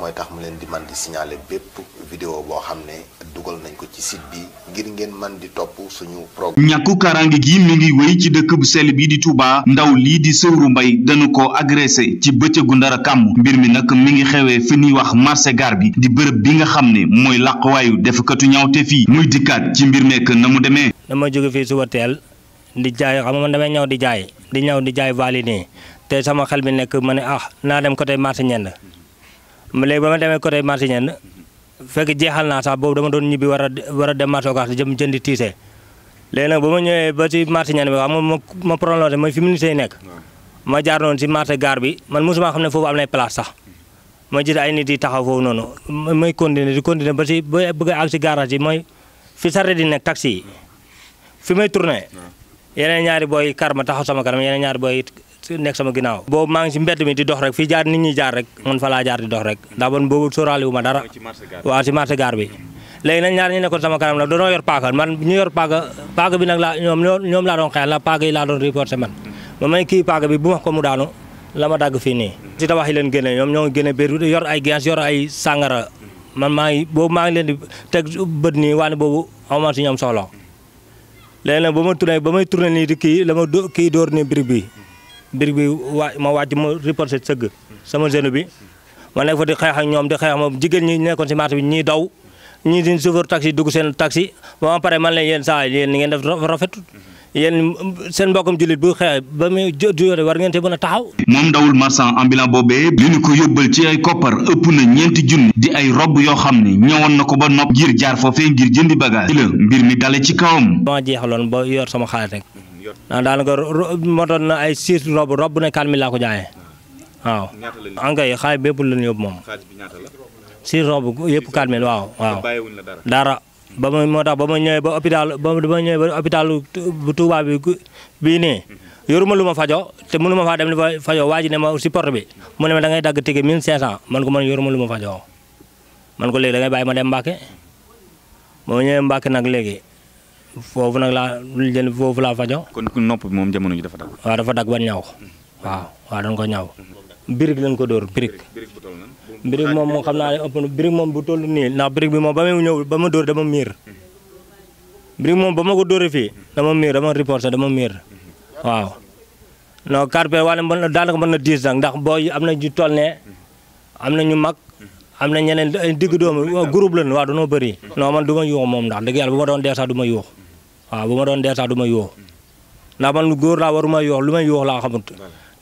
mooy tax mu leen di man di signaler bépp vidéo boo xam ne dugal nañ ko ci site bi ngir ngeen man di topp suñu programme ñàkku karange gi mu ngi wéy ci dëkk bu sell bii di tuubaa ndaw lii di Sëwru Mbay dañu ko agressé ci bëccëgu ndara kàmm mbir mi nag mi ngi xewee fi ñuy wax marché gaar bi di bërëb bi nga xam ne mooy làqwaayu ñaw ñaawte fii muy dikkaat ci mbir mekk na mu demee dama jóge fii suba teel di jaay xam nga man damay ñëw di jaay di ñëw di jaay validé te sama xel bi nekk ma ne ah naa dem côté marché ñend léegi ba ma demee côté marché ñenn fekk jeexal naa sax boobu dama doon ñibbi war a war a dem marché Ocass jëm jëndi tiise léegi nag ba ma ñëwee ba ci marché ñenn bi xam ma ma prolongé mooy fi ministère yi nekk ma jaar noonu ci marché bi man mosuma xam ne foofu am nay sax ma gis ay nit yi taxaw foofu noonu may continuer si continuer ba ci ba bëgg ak ci garage yi mooy fi sarret di nekk taxi yi fi may tourné yeneen ñaari booy kar ma taxaw sama kanam yeneen ñaari booy nek sama ginnaaw bo maa ngi ci mbedd mi di dox rek fii jaar nit ñi jaar rek man fa laa jaar di dox rek ndax bon boobu sorali wu ma dara wa ci marché gar bi lay nag ñaar ñi nekkoon sama kanam do no yor paaka man ñu yor paga paga bi nak la ñom ñom la doon xeex la paga yi la doon reporté man ma may ki paga bi bu ma ko mu daanu la ma dagg fii ci tawahi len gene ñom ñoo ngi yor ay gens yor ay sangara man maa bo ma ngi len di tek beut ni waane boobu awma ci ñoom soxla léegi nag ba ma tourné ba may tourné di ki lama ma kii ni birig bi mbir bi waa ma wàcc ma reporté sëgg sama jeune bi ma nekk fa di xeex ak ñoom di xeex moom jigéen ñi nekkoon si marché bi daw ñii di chauffeur taxi dugg seen taxi ba ma pare man leen yéen saa yéen ni ngeen def rafetul yéen seen mbokkam jullit bu xeex ba muy jóore war ngeen te mën a taxaw. moom dawul marchand ambulant boobee li ñu ko yóbbal ci ay koppar ëpp na ñeenti junni di ay robb yoo xam ne ñëwoon na ko ba nopp ngir jaar foofee ngir jëndi bagage. ci la mbir mi dale ci kawam. maa jeexaloon yor sama xaalis jot. ah daanaka motoon na ay six rob rob bu ne 4000 laa ko jaayee ah. waaw. ñaata la ñu kay xaalis bépp la ñu yóbbu moom. xaalis bi ñaata rob yëpp 4000 waaw dara ba ma moo tax ba ma ñëwee ba hôpital bu Touba bi bii mhm. yoruma lu ma fajo te mënu ma faa dem dafa fajoo waa ji ne ma si bi mu ne ma da ngay dagg tike 1500 man ko man yoruma lu ma fajoo man ko léegi da ngay ma dem Mbàkke ba ma ñëwee Mbàkke nag léegi foofu la, laa jël fofu la fajo kon nopp bi moom jamono ji dafa dag wa dafa dag ba ñaw waaw wa dañ ko ñaw Birik lañ ko dóor birik birik mom mo xamna naa ne ëpp na birig bu tollu ni na birik bi mom ba muy ñew ba ma dóor dama mir birik mom ba ma ko dóoree fii dama mir dama reporter dama mir waaw. no carpe wala mën na daanaka mën na 10 dang ndax boy amna ju toll ne ñu mag. amna ñeneen digg doom groupe wa do no bëri no man duma ma mom ndax deug yalla bu ma doon dessa duma du waaw bu ma doon dee sax du ma yoo ndax man lu góor laa waruma yoo lu may yoo laa xamut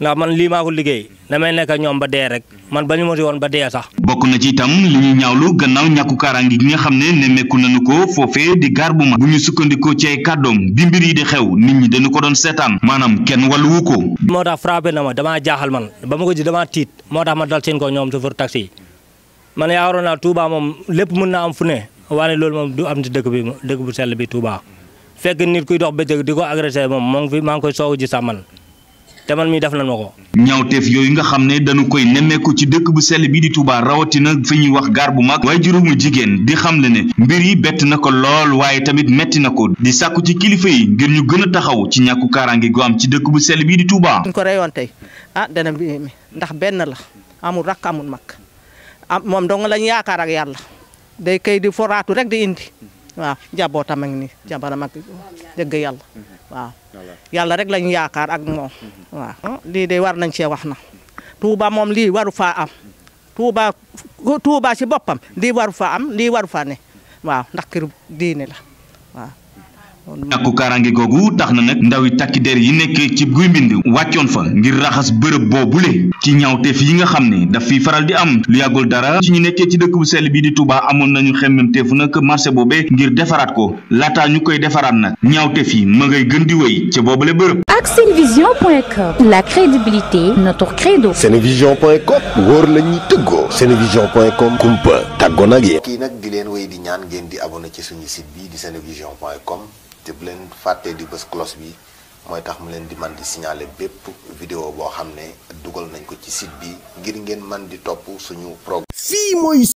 ndax man lii maa ko liggéey damay nekk ak ñoom ba dee rek man ba ñu ma woon ba dee sax. bokk na ci itam li ñuy ñaawlu gannaaw ñàkku kaaraange gi nga xam ne nemmeeku nañu ko foofee di gaar bu mag bu ñu sukkandikoo ci ay kàddoom bi mbir yi di xew nit ñi dañu ko doon seetaan maanaam kenn wàlluwu ko. moo tax frappé na ma damaa jaaxal man ba ma ko ji damaa tiit moo tax ma dal seen ko ñoom chauffeur taxi yi man yaakaar naa Touba moom lépp mën naa am fu ne waaye loolu moom du am ci dëkk bi dëkk bu sell bi Touba. fekk nit kuy dox bëccëg di ko agressé moom moo ngi fi maa ngi koy soogu ji sàmmal te man mii def la ma ko. ñaawteef yooyu nga xam ne dañu koy nemmeeku ci dëkk bu sell bi di Touba rawatina fi ñu wax gaar bu mag. waaye juróomu jigéen di xam le ne mbir yi bett na ko lool waaye tamit metti na ko di sàkku ci kilifa yi ngir ñu gën a taxaw ci ñàkku kaaraangi gu am ci dëkk bu sell bii di tubaa ñu ko reyoon tey ah dana ndax benn la amul rakk amul mag am ah, moom dong waaw njabootam ak ni jabaram ak dëgg yàlla mhm. waaw yàlla rek lañu yaakaar ak moom mhm. waaw hmm, lii de war nañ cee wax na Touba moom lii waru faa am Touba Touba ci boppam lii waru faa am lii waru faa ne waaw ndax kër diine la ñàkku karange googu tax na nag ndaw yi takki der yi nekkee ci guy mbind wàccoon fa ngir raxas bërëb boobu boobule ci ñaawteef yi nga xam ne daf fiy faral di am lu yàggul dara su ñu nekkee ci dëkk bu sell bi di Touba amoon nañu xemmemteefu nag marché boobee ngir defaraat ko laataa ñu koy defaraat nag ñaawteef yi ma ngay gën di wéy ca boobule bërëb. ak senevision.com la crédibilité notre credo. senevision.com wóor la ñuy di leen wéy di ñaan ci suñu site bi di te bu leen fàttee di bës cloche bi mooy tax mu leen di man di signaler bépp vidéo boo xam ne dugal nañ ko ci site bi ngir ngeen man di topp suñu programme. fii mooy.